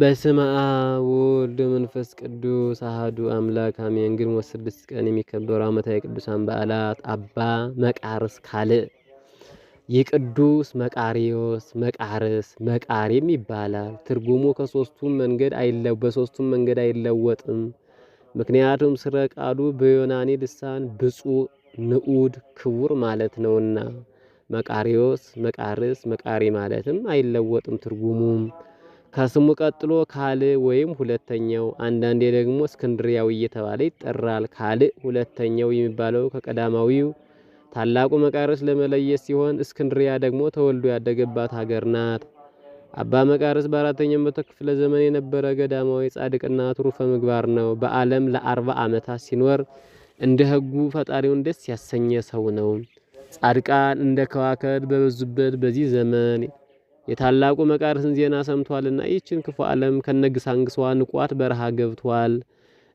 በስመ አብ ወወልድ ወመንፈስ ቅዱስ አሐዱ አምላክ አሜን። ግንቦት ስድስት ቀን የሚከበሩ ዓመታዊ ቅዱሳን በዓላት አባ መቃርስ ካልዕ የቅዱስ መቃሪዮስ መቃርስ መቃሪም ይባላል። ትርጉሙ ከሶስቱም መንገድ አይለው በሶስቱም መንገድ አይለወጥም። ምክንያቱም ስረ ቃሉ በዮናኒ ልሳን ብፁ ንዑድ፣ ክቡር ማለት ነውና መቃሪዮስ መቃርስ መቃሪ ማለትም አይለወጥም ትርጉሙም ከስሙ ቀጥሎ ካል ወይም ሁለተኛው አንዳንዴ ደግሞ እስክንድሪያዊ እየተባለ ይጠራል። ካል ሁለተኛው የሚባለው ከቀዳማዊው ታላቁ መቃርስ ለመለየት ሲሆን እስክንድሪያ ደግሞ ተወልዶ ያደገባት ሀገር ናት። አባ መቃርስ በአራተኛው መቶ ክፍለ ዘመን የነበረ ገዳማዊ ጻድቅና ትሩፈ ምግባር ነው። በዓለም ለአርባ ዓመታት ሲኖር እንደ ሕጉ ፈጣሪውን ደስ ያሰኘ ሰው ነው። ጻድቃን እንደ ከዋክብት በበዙበት በዚህ ዘመን የታላቁ መቃርስን ዜና ሰምቷልና ይችን ክፉ ዓለም ከነግሳንግሷ ንቋት በረሃ ገብቷል።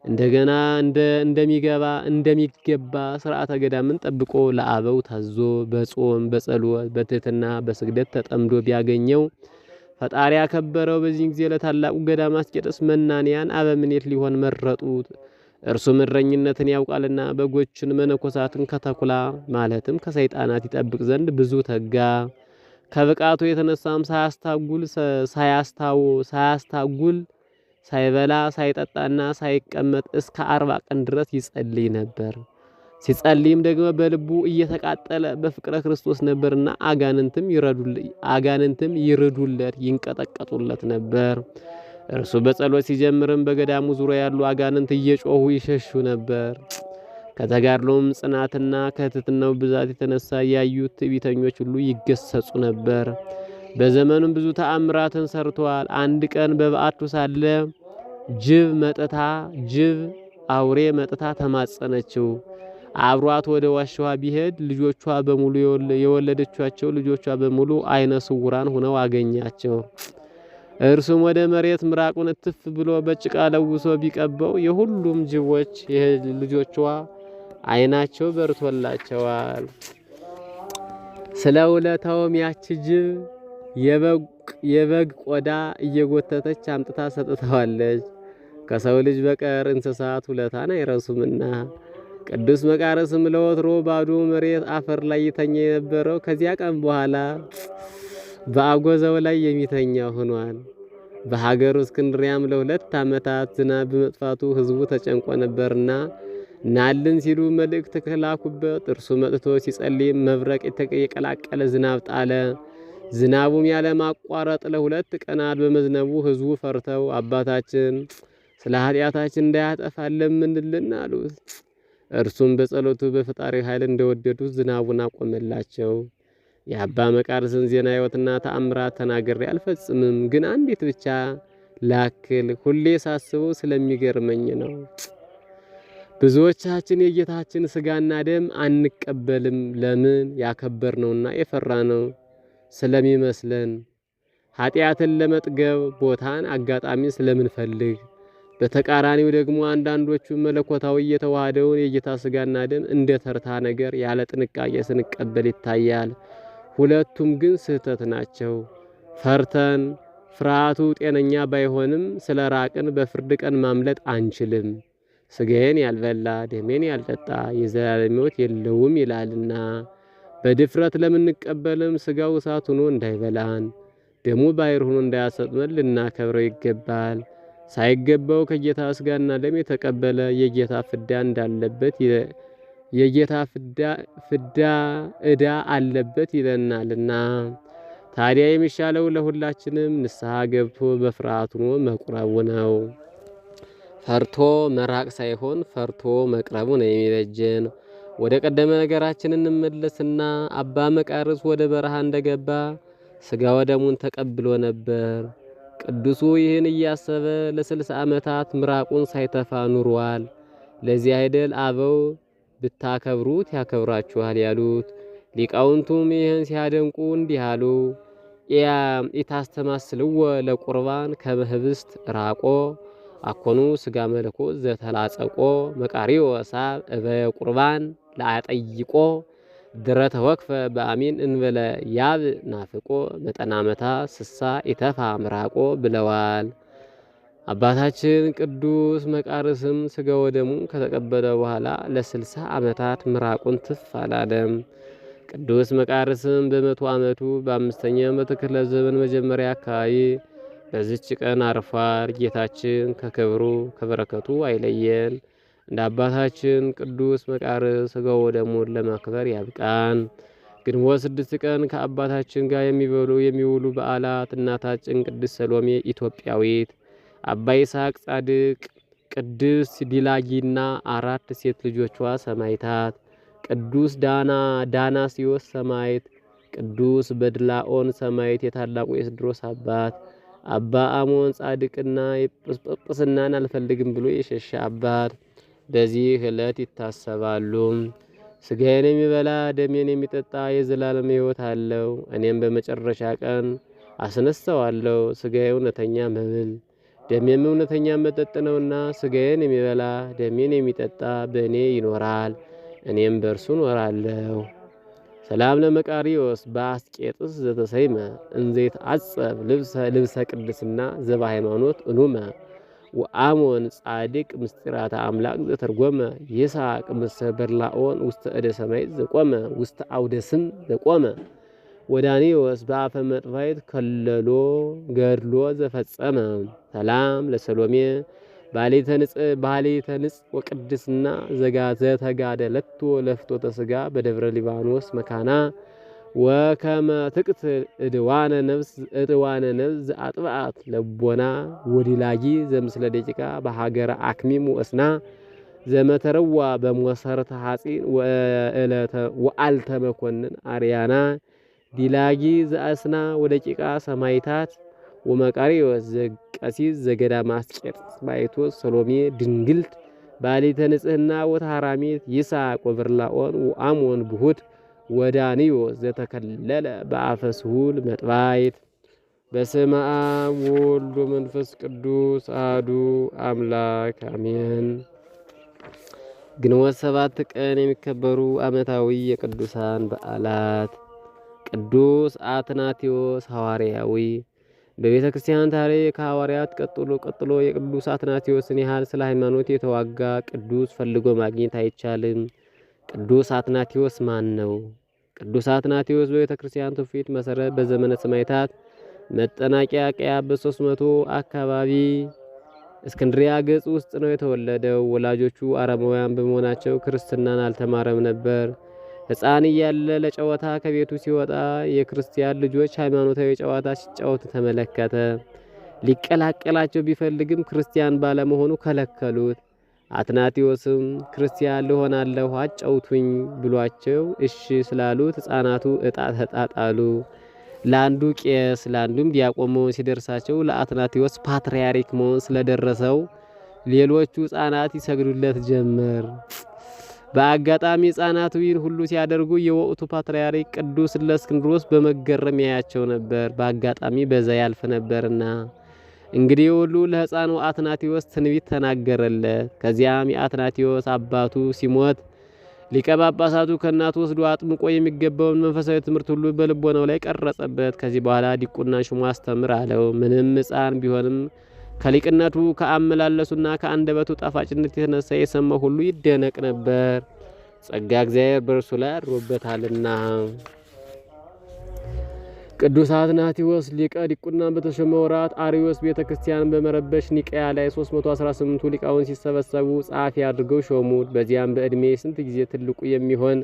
እንደገና እንደ እንደሚገባ እንደሚገባ ስርዓተ ገዳምን ጠብቆ ለአበው ታዞ በጾም በጸሎት በትህትና በስግደት ተጠምዶ ቢያገኘው ፈጣሪ ያከበረው። በዚህ ጊዜ ለታላቁ ገዳም አስቄጥስ መናንያን አበምኔት ሊሆን መረጡት። እርሱ ምረኝነትን ያውቃልና በጎችን መነኮሳትን ከተኩላ ማለትም ከሰይጣናት ይጠብቅ ዘንድ ብዙ ተጋ። ከብቃቱ የተነሳም ሳያስታጉል ሳያስታው ሳያስታጉል ሳይበላ ሳይጠጣና ሳይቀመጥ እስከ አርባ ቀን ድረስ ይጸልይ ነበር። ሲጸልይም ደግሞ በልቡ እየተቃጠለ በፍቅረ ክርስቶስ ነበርና አጋንንትም ይረዱለት አጋንንትም ይርዱለት ይንቀጠቀጡለት ነበር። እርሱ በጸሎት ሲጀምርም በገዳሙ ዙሪያ ያሉ አጋንንት እየጮሁ ይሸሹ ነበር። ከተጋድሎም ጽናትና ከትሕትናው ብዛት የተነሳ ያዩት ትዕቢተኞች ሁሉ ይገሰጹ ነበር። በዘመኑም ብዙ ተአምራትን ሰርተዋል። አንድ ቀን በበዓቱ ሳለ ጅብ መጥታ ጅብ አውሬ መጥታ ተማጸነችው። አብሯት ወደ ዋሻዋ ቢሄድ ልጆቿ በሙሉ የወለደቻቸው ልጆቿ በሙሉ አይነ ስውራን ሆነው አገኛቸው። እርሱም ወደ መሬት ምራቁን እትፍ ብሎ በጭቃ ለውሶ ቢቀበው የሁሉም ጅቦች ልጆቿ አይናቸው በርቶላቸዋል። ስለ ውለታውም ያች ጅብ የበግ ቆዳ እየጎተተች አምጥታ ሰጥተዋለች። ከሰው ልጅ በቀር እንስሳት ውለታን አይረሱምና ቅዱስ መቃርስም ለወትሮ ባዶ መሬት አፈር ላይ ይተኛ የነበረው ከዚያ ቀን በኋላ በአጎዛው ላይ የሚተኛ ሆኗል። በሀገሩ እስክንድሪያም ለሁለት ዓመታት ዝናብ በመጥፋቱ ሕዝቡ ተጨንቆ ነበርና ናልን ሲሉ መልእክት ከላኩበት። እርሱ መጥቶ ሲጸልይም መብረቅ የቀላቀለ ዝናብ ጣለ። ዝናቡም ያለ ማቋረጥ ለሁለት ቀናት በመዝነቡ ሕዝቡ ፈርተው አባታችን ስለ ኃጢአታችን እንዳያጠፋን ለምንልን አሉት። እርሱም በጸሎቱ በፈጣሪ ኃይል እንደወደዱት ዝናቡን አቆመላቸው። የአባ መቃርስን ዜና ሕይወትና ተአምራት ተናግሬ አልፈጽምም፣ ግን አንዲት ብቻ ላክል ሁሌ ሳስበው ስለሚገርመኝ ነው። ብዙዎቻችን የጌታችን ስጋና ደም አንቀበልም። ለምን? ያከበርነውና የፈራነው ስለሚመስለን፣ ኃጢአትን ለመጥገብ ቦታን፣ አጋጣሚ ስለምንፈልግ። በተቃራኒው ደግሞ አንዳንዶቹ መለኮታዊ የተዋሃደውን የጌታ ስጋና ደም እንደ ተርታ ነገር ያለ ጥንቃቄ ስንቀበል ይታያል። ሁለቱም ግን ስህተት ናቸው። ፈርተን ፍርሃቱ ጤነኛ ባይሆንም ስለ ራቅን በፍርድ ቀን ማምለጥ አንችልም። ስጋዬን ያልበላ ደሜን ያልጠጣ የዘላለም ሕይወት የለውም ይላልና በድፍረት ለምንቀበልም ስጋው እሳት ሆኖ እንዳይበላን ደሙ ባሕር ሆኖ እንዳያሰጥመን ልናከብረው ይገባል። ሳይገባው ከጌታ ስጋና ደም የተቀበለ የጌታ ፍዳ እንዳለበት የጌታ ፍዳ እዳ አለበት ይለናልና ታዲያ የሚሻለው ለሁላችንም ንስሐ ገብቶ በፍርሃት ሆኖ መቁረቡ ነው። ፈርቶ መራቅ ሳይሆን ፈርቶ መቅረቡ ነው የሚበጀን። ወደ ቀደመ ነገራችን እንመለስና አባ መቃርስ ወደ በረሃ እንደገባ ስጋ ወደሙን ተቀብሎ ነበር። ቅዱሱ ይህን እያሰበ ለስልሳ ዓመታት ምራቁን ሳይተፋ ኑሯል። ለዚህ አይደል አበው ብታከብሩት ያከብራችኋል ያሉት። ሊቃውንቱም ይህን ሲያደንቁ እንዲህ አሉ። ኢታስተማስልዎ ለቁርባን ከመህብስት ራቆ አኮኑ ስጋ መለኮ ዘተላጸቆ መቃሪዮ ሳብ እበየ ቁርባን ለአጠይቆ ድረተ ወክፈ በአሚን እንበለ ያብ ናፍቆ መጠናመታ ስሳ ኢተፋ ምራቆ ብለዋል። አባታችን ቅዱስ መቃርስም ስጋ ወደሙ ከተቀበለ በኋላ ለስልሳ ዓመታት ምራቁን ትፍ አላለም። ቅዱስ መቃርስም በመቶ ዓመቱ በአምስተኛው መቶ ክፍለ ዘመን መጀመሪያ አካባቢ በዚች ቀን አርፏል። ጌታችን ከክብሩ ከበረከቱ አይለየን። እንደ አባታችን ቅዱስ መቃርስ ሥጋው ደሙን ለማክበር ያብቃን። ግንቦት ስድስት ቀን ከአባታችን ጋር የሚበሉ የሚውሉ በዓላት እናታችን ቅድስት ሰሎሜ ኢትዮጵያዊት፣ አባ ይስሐቅ ጻድቅ፣ ቅድስት ዲላጊና አራት ሴት ልጆቿ ሰማይታት፣ ቅዱስ ዳና ዳናስዮስ ሰማይት፣ ቅዱስ በድላኦን ሰማይት የታላቁ የስድሮስ አባት አባ አሞን ጻድቅና የጵጵስናን አልፈልግም ብሎ የሸሸ አባት በዚህ ዕለት ይታሰባሉ። ስጋዬን የሚበላ ደሜን የሚጠጣ የዘላለም ሕይወት አለው፣ እኔም በመጨረሻ ቀን አስነሳዋለሁ። ስጋዬ እውነተኛ መብል ደሜም እውነተኛ መጠጥ ነውና ስጋዬን የሚበላ ደሜን የሚጠጣ በእኔ ይኖራል፣ እኔም በእርሱ እኖራለሁ። ሰላም ለመቃሪዎስ በአስቄጥስ ዘተሰይመ እንዘይት አጸብ ልብሰ ቅድስና ዘበ ሃይማኖት እኑመ ወአሞን ጻድቅ ምስጢራተ አምላክ ዘተርጎመ የሳቅ ምሰ በርላኦን ውስተ እደ ሰማይ ዘቆመ ውስተ አውደ ስም ዘቆመ ወዳኒዎስ በአፈ መጥፋይት ከለሎ ገድሎ ዘፈጸመ ሰላም ለሰሎሜ ባሌተ ንጽ ወቅድስና ዘጋ ዘተጋደ ለቶ ለፍቶ ተስጋ በደብረ ሊባኖስ መካና ወከመ ትቅት እድዋነ ነፍስ እድዋነ ነፍስ አጥባት ለቦና ወዲላጊ ዘምስለ ደቂቃ በሀገረ አክሚም ወስና ዘመተረዋ በመሰረተ ወእለተ ወአልተ መኮንን አርያና ዲላጊ ዘአስና ወደቂቃ ሰማይታት ወመቃርዮስ ቀሲስ ዘገዳመ አስቄጥ ባይቶስ ሰሎሜ ድንግልት ባሊተ ንጽህና ወታራሚት ይሳቅ ወብርላኦን ወአሞን ብሁት ወዳንዮስ ዘተከለለ በአፈ ስሁል መጥባይት በስመ አብ ወወልድ ወመንፈስ ቅዱስ አሐዱ አምላክ አሜን። ግንቦት ሰባት ቀን የሚከበሩ ዓመታዊ የቅዱሳን በዓላት ቅዱስ አትናቴዎስ ሐዋርያዊ በቤተ ክርስቲያን ታሪክ ከሐዋርያት ቀጥሎ ቀጥሎ የቅዱስ አትናቴዎስን ያህል ስለ ሃይማኖት የተዋጋ ቅዱስ ፈልጎ ማግኘት አይቻልም። ቅዱስ አትናቴዎስ ማን ነው? ቅዱስ አትናቴዎስ በቤተ ክርስቲያን ትውፊት መሰረት በዘመነ ሰማዕታት መጠናቂያ ቀያ በ300 አካባቢ እስክንድሪያ ገጽ ውስጥ ነው የተወለደው። ወላጆቹ አረማውያን በመሆናቸው ክርስትናን አልተማረም ነበር። ሕፃን እያለ ለጨዋታ ከቤቱ ሲወጣ የክርስቲያን ልጆች ሃይማኖታዊ ጨዋታ ሲጫወቱ ተመለከተ። ሊቀላቀላቸው ቢፈልግም ክርስቲያን ባለመሆኑ ከለከሉት። አትናቴዎስም ክርስቲያን ልሆናለሁ አጫውቱኝ ብሏቸው እሺ ስላሉት ሕፃናቱ እጣ ተጣጣሉ። ለአንዱ ቄስ ለአንዱም ዲያቆን መሆን ሲደርሳቸው ለአትናቴዎስ ፓትርያርክ መሆን ስለደረሰው ሌሎቹ ሕፃናት ይሰግዱለት ጀመር። በአጋጣሚ ሕፃናቱ ይህን ሁሉ ሲያደርጉ የወቅቱ ፓትርያርክ ቅዱስ እለእስክንድሮስ በመገረም ያያቸው ነበር። በአጋጣሚ በዛ ያልፍ ነበርና እንግዲህ ሁሉ ለህፃኑ አትናቴዎስ ትንቢት ተናገረለት። ከዚያም የአትናቴዎስ አባቱ ሲሞት ሊቀ ጳጳሳቱ ከእናቱ ወስዶ አጥምቆ የሚገባውን መንፈሳዊ ትምህርት ሁሉ በልቦናው ላይ ቀረጸበት። ከዚህ በኋላ ዲቁና ሹሙ አስተምር አለው። ምንም ህፃን ቢሆንም ከሊቅነቱ ከአመላለሱና ከአንደበቱ ጣፋጭነት የተነሳ የሰማው ሁሉ ይደነቅ ነበር፣ ጸጋ እግዚአብሔር በእርሱ ላይ አድሮበታልና። ቅዱስ አትናቴዎስ ሊቀ ዲቁና በተሾመ ወራት አሪዮስ ቤተ ክርስቲያን በመረበሽ ኒቀያ ላይ 318ቱ ሊቃውን ሲሰበሰቡ ጸሐፊ አድርገው ሾሙት። በዚያም በዕድሜ ስንት ጊዜ ትልቁ የሚሆን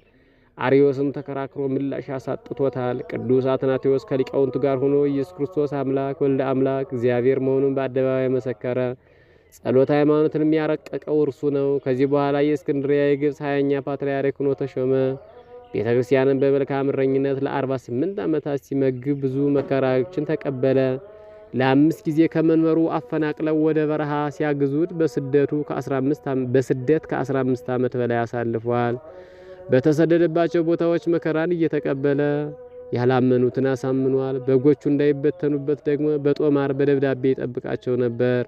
አርዮስም ተከራክሮ ምላሽ አሳጥቶታል። ቅዱስ አትናቴዎስ ከሊቃውንቱ ጋር ሆኖ ኢየሱስ ክርስቶስ አምላክ ወልደ አምላክ እግዚአብሔር መሆኑን በአደባባይ መሰከረ። ጸሎት ሃይማኖትን የሚያረቀቀው እርሱ ነው። ከዚህ በኋላ የእስክንድሪያ የግብፅ ሀያኛ ፓትርያርክ ሆኖ ተሾመ። ቤተ ክርስቲያንን በመልካም እረኝነት ለ48 ዓመታት ሲመግብ ብዙ መከራዎችን ተቀበለ። ለአምስት ጊዜ ከመንበሩ አፈናቅለው ወደ በረሃ ሲያግዙት በስደቱ በስደት ከ15 ዓመት በላይ አሳልፏል። በተሰደደባቸው ቦታዎች መከራን እየተቀበለ ያላመኑትን አሳምኗል። በጎቹ እንዳይበተኑበት ደግሞ በጦማር በደብዳቤ ይጠብቃቸው ነበር።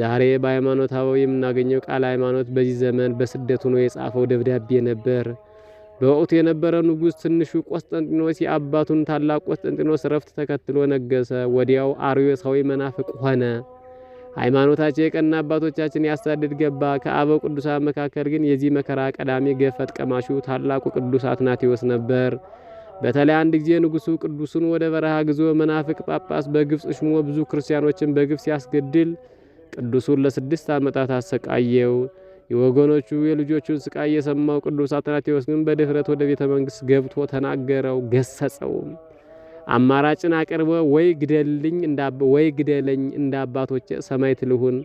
ዛሬ በሃይማኖት አበው የምናገኘው ቃለ ሃይማኖት በዚህ ዘመን በስደት ሆኖ የጻፈው ደብዳቤ ነበር። በወቅቱ የነበረ ንጉሥ ትንሹ ቆስጠንጢኖስ የአባቱን ታላቅ ቆስጠንጢኖስ ረፍት ተከትሎ ነገሰ። ወዲያው አርዮሳዊ መናፍቅ ሆነ። ሃይማኖታቸው የቀና አባቶቻችን ያሳድድ ገባ። ከአበው ቅዱሳን መካከል ግን የዚህ መከራ ቀዳሚ ገፈት ቀማሹ ታላቁ ቅዱስ አትናቴዎስ ነበር። በተለይ አንድ ጊዜ ንጉሱ ቅዱሱን ወደ በረሃ ግዞ መናፍቅ ጳጳስ በግብፅ ሽሞ ብዙ ክርስቲያኖችን በግብፅ ሲያስገድል ቅዱሱን ለስድስት ዓመታት አሰቃየው። የወገኖቹ የልጆቹን ስቃይ የሰማው ቅዱስ አትናቴዎስ ግን በድፍረት ወደ ቤተ መንግስት ገብቶ ተናገረው፣ ገሰጸውም። አማራጭን አቅርበ ወይ ግደልኝ ወይ ግደለኝ እንደ አባቶች ሰማዕት ልሁን፣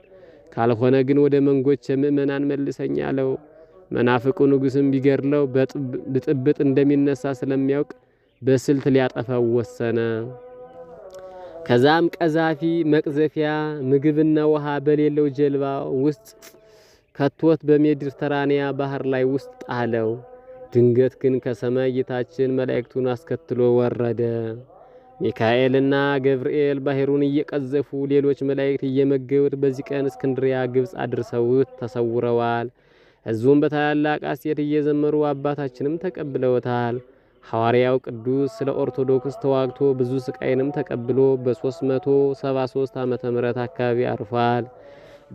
ካልሆነ ግን ወደ መንጎች ምእመናን መልሰኝ አለው። መናፍቁ ንጉሥም ቢገድለው ብጥብጥ እንደሚነሳ ስለሚያውቅ በስልት ሊያጠፋው ወሰነ። ከዛም ቀዛፊ መቅዘፊያ ምግብና ውሃ በሌለው ጀልባ ውስጥ ከቶት በሜዲትራንያ ባህር ላይ ውስጥ ጣለው። ድንገት ግን ከሰማይ ጌታችን መላእክቱን አስከትሎ ወረደ። ሚካኤልና ገብርኤል ባህሩን እየቀዘፉ ሌሎች መላእክት እየመገቡት በዚህ ቀን እስክንድሪያ ግብፅ አድርሰውት ተሰውረዋል። እዙም በታላላቅ ሐሴት እየዘመሩ አባታችንም ተቀብለውታል። ሐዋርያው ቅዱስ ስለ ኦርቶዶክስ ተዋግቶ ብዙ ስቃይንም ተቀብሎ በ373 ዓመተ ምህረት አካባቢ አርፏል።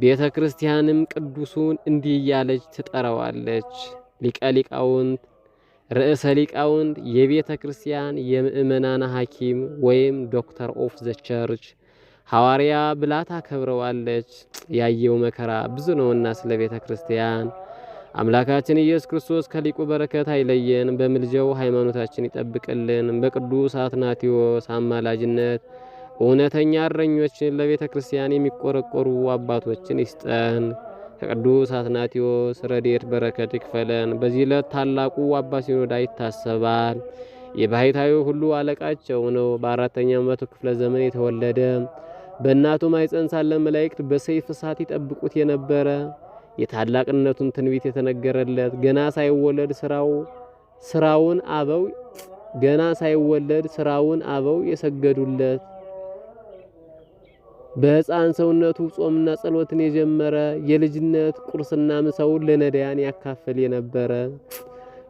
ቤተ ክርስቲያንም ቅዱሱን እንዲህ እያለች ትጠራዋለች። ሊቀ ሊቃውንት ርዕሰ ሊቃውንት የቤተ ክርስቲያን የምእመናን ሐኪም ወይም ዶክተር ኦፍ ዘ ቸርች ሐዋርያ ብላ ታከብረዋለች። ያየው መከራ ብዙ ነውና ስለ ቤተ ክርስቲያን አምላካችን ኢየሱስ ክርስቶስ ከሊቁ በረከት አይለየን፣ በምልጃው ሃይማኖታችን ይጠብቅልን። በቅዱስ አትናቴዎስ አማላጅነት እውነተኛ እረኞችን ለቤተ ክርስቲያን የሚቆረቆሩ አባቶችን ይስጠን። ከቅዱስ አትናቴዎስ ረድኤት በረከት ይክፈለን። በዚህ ዕለት ታላቁ አባ ሲኖዳ ይታሰባል። የባሕታዊ ሁሉ አለቃቸው ነው። በአራተኛው መቶ ክፍለ ዘመን የተወለደ በእናቱ ማኅፀን ሳለ መላእክት በሰይፍ እሳት ይጠብቁት የነበረ የታላቅነቱን ትንቢት የተነገረለት ገና ሳይወለድ ስራው ስራውን አበው ገና ሳይወለድ ስራውን አበው የሰገዱለት በሕፃን ሰውነቱ ጾምና ጸሎትን የጀመረ የልጅነት ቁርስና ምሳውን ለነዳያን ያካፍል የነበረ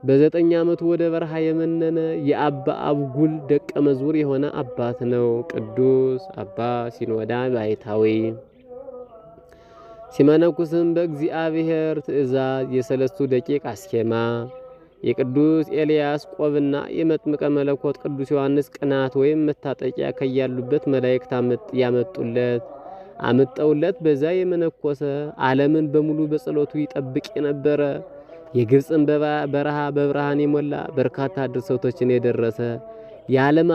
በዘጠኝ ዓመቱ ወደ በረሃ የመነነ የአባ አብጉል ደቀ መዝሙር የሆነ አባት ነው። ቅዱስ አባ ሲኖዳ ባይታዊ ሲመነኩስም በእግዚአብሔር ትእዛዝ የሰለስቱ ደቂቅ አስኬማ የቅዱስ ኤልያስ ቆብና የመጥምቀ መለኮት ቅዱስ ዮሐንስ ቅናት ወይም መታጠቂያ ከያሉበት መላእክት ያመጡለት አመጣውለት በዛ የመነኮሰ ዓለምን በሙሉ በጸሎቱ ይጠብቅ የነበረ የግብፅን በረሃ በብርሃን የሞላ በርካታ ድርሰቶችን የደረሰ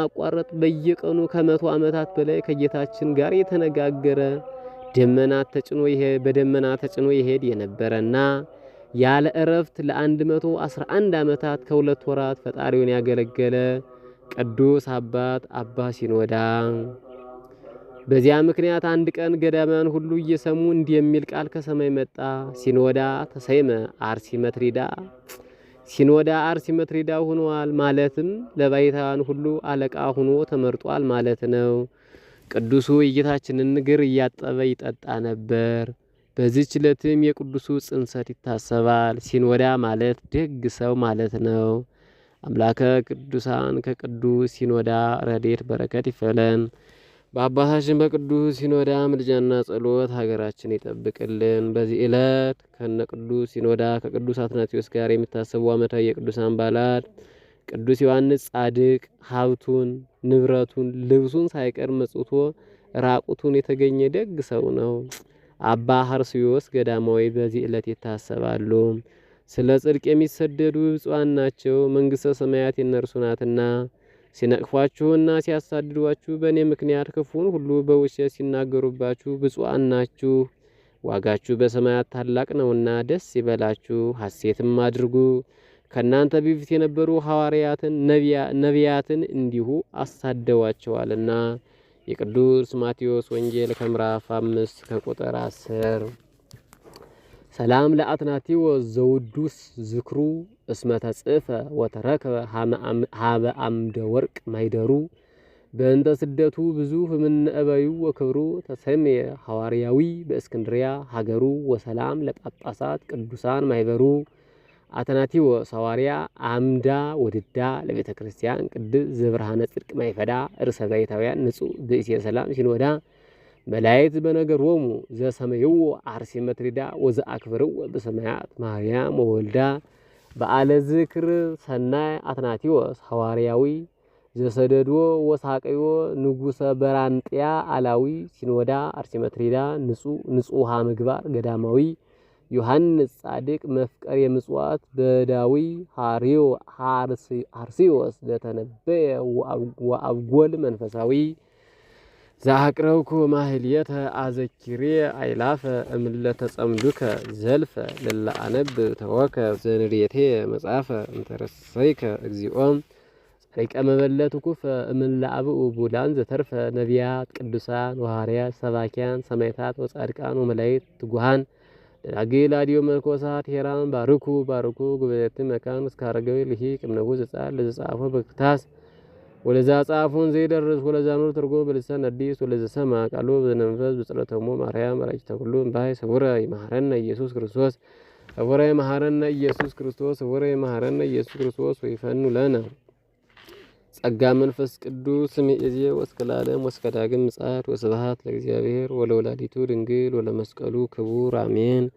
አቋረጥ በየቀኑ ከመቶ ዓመታት በላይ ከጌታችን ጋር የተነጋገረ ደመና ተጭኖ ይሄ በደመና ተጭኖ ይሄድ የነበረና ያለ እረፍት ለ111 ዓመታት ከሁለት ወራት ፈጣሪውን ያገለገለ ቅዱስ አባት አባ ሲኖዳ። በዚያ ምክንያት አንድ ቀን ገዳማን ሁሉ እየሰሙ እንዲህ የሚል ቃል ከሰማይ መጣ። ሲኖዳ ተሰይመ መትሪዳ ሲኖዳ አርሲ መትሪዳ ሆኗል፣ ማለትም ለባይታውያን ሁሉ አለቃ ሆኖ ተመርጧል ማለት ነው። ቅዱሱ የጌታችንን እግር እያጠበ ይጠጣ ነበር። በዚህች ዕለትም የቅዱሱ ጽንሰት ይታሰባል። ሲኖዳ ማለት ደግ ሰው ማለት ነው። አምላከ ቅዱሳን ከቅዱስ ሲኖዳ ረዴት በረከት ይፈለን። በአባታችን በቅዱስ ሲኖዳ ምልጃና ጸሎት ሀገራችን ይጠብቅልን። በዚህ ዕለት ከነ ቅዱስ ሲኖዳ ከቅዱስ አትናቴዎስ ጋር የሚታሰቡ ዓመታዊ የቅዱሳን በዓላት ቅዱስ ዮሐንስ ጻድቅ ሀብቱን፣ ንብረቱን፣ ልብሱን ሳይቀር መጽቶ ራቁቱን የተገኘ ደግ ሰው ነው። አባ ሀርስዮስ ገዳማዊ በዚህ ዕለት ይታሰባሉ። ስለ ጽድቅ የሚሰደዱ ብፁዓን ናቸው፣ መንግሥተ ሰማያት የእነርሱ ናትና። ሲነቅፏችሁና ሲያሳድዷችሁ በእኔ ምክንያት ክፉን ሁሉ በውሸት ሲናገሩባችሁ ብፁዓን ናችሁ። ዋጋችሁ በሰማያት ታላቅ ነውና ደስ ይበላችሁ፣ ሐሴትም አድርጉ። ከእናንተ በፊት የነበሩ ሐዋርያትን፣ ነቢያትን እንዲሁ አሳደዋቸዋልና የቅዱስ ማቴዎስ ወንጌል ከምዕራፍ አምስት ከቁጥር አስር ሰላም ለአትናቲዎ ዘውዱስ ዝክሩ እስመ ተጽፈ ወተረከበ ሀበ አምደ ወርቅ ማይደሩ በእንተ ስደቱ ብዙ ህምነ እበዩ ወክብሩ ተሰሜ ሐዋርያዊ በእስክንድሪያ ሀገሩ ወሰላም ለጳጳሳት ቅዱሳን ማይበሩ አተናቲወ ሳዋርያ አምዳ ወድዳ ለቤተ ክርስቲያን ቅድስ ዘብርሃነ ጽድቅ ማይፈዳ ርእሰ ባይታውያን ንጹሕ ብእሴ ሰላም ሲኖዳ መላእክት በነገሮሙ ዘሰመይዎ አርሲ መትሪዳ ወዘአክብርዎ በሰማያት ማርያም ወወልዳ በዓለ ዝክር ሰናይ አትናቲወ ሐዋርያዊ ዘሰደዶ ወሳቀዮ ንጉሰ በራንጥያ አላዊ ሲኖዳ አርሲ መትሪዳ ንጹሕ ንጹሃ ምግባር ገዳማዊ ዮሐንስ ጻድቅ መፍቀር የምጽዋት በዳዊ ሃሪዮ አርሲዮስ ለተነበየ ወአብጎል መንፈሳዊ ዘአቅረብኩ ማህልየተ አዘኪሬ አይላፈ እምለተ ጸምዱከ ዘልፈ ለለአነብ ተወከ ዘንሬቴ መጽሐፈ እንተረሰይከ እግዚኦም ጸሪቀ መበለት ኩፈ እምለአብኡ ቡላን ዘተርፈ ነቢያት ቅዱሳን ወሐዋርያት ሰባኪያን ሰማዕታት ወጻድቃን ወመላእክት ትጉሃን ደናግል አድዮ መነኮሳት ሄራን ባርኩ ባርኩ ጉበቲ መካን እስከ አረጋዊ ልሂቅ እምንጉስ ሕፃን ለዘጻፎ በክታስ ወለዛ ጻፎን ዘይደርስ ወለዛ ኑር ትርጎ በልሳን አዲስ ወለዛ ሰማ ቃሉ በመንፈስ በጸሎተሙ ማርያም ራጭ ተኩሉ ባይ ሰውረ ይማረነ ኢየሱስ ክርስቶስ ሰውረ ይማረነ ኢየሱስ ክርስቶስ ሰውረ ይማረነ ኢየሱስ ክርስቶስ ወይፈኑ ለነ ጸጋ መንፈስ ቅዱስ እምይእዜብ ወእስከ ለዓለም ወእስከ ዳግም ምጽአት ወስብሐት ለእግዚአብሔር ወለወላዲቱ ድንግል ወለመስቀሉ ክቡር አሜን።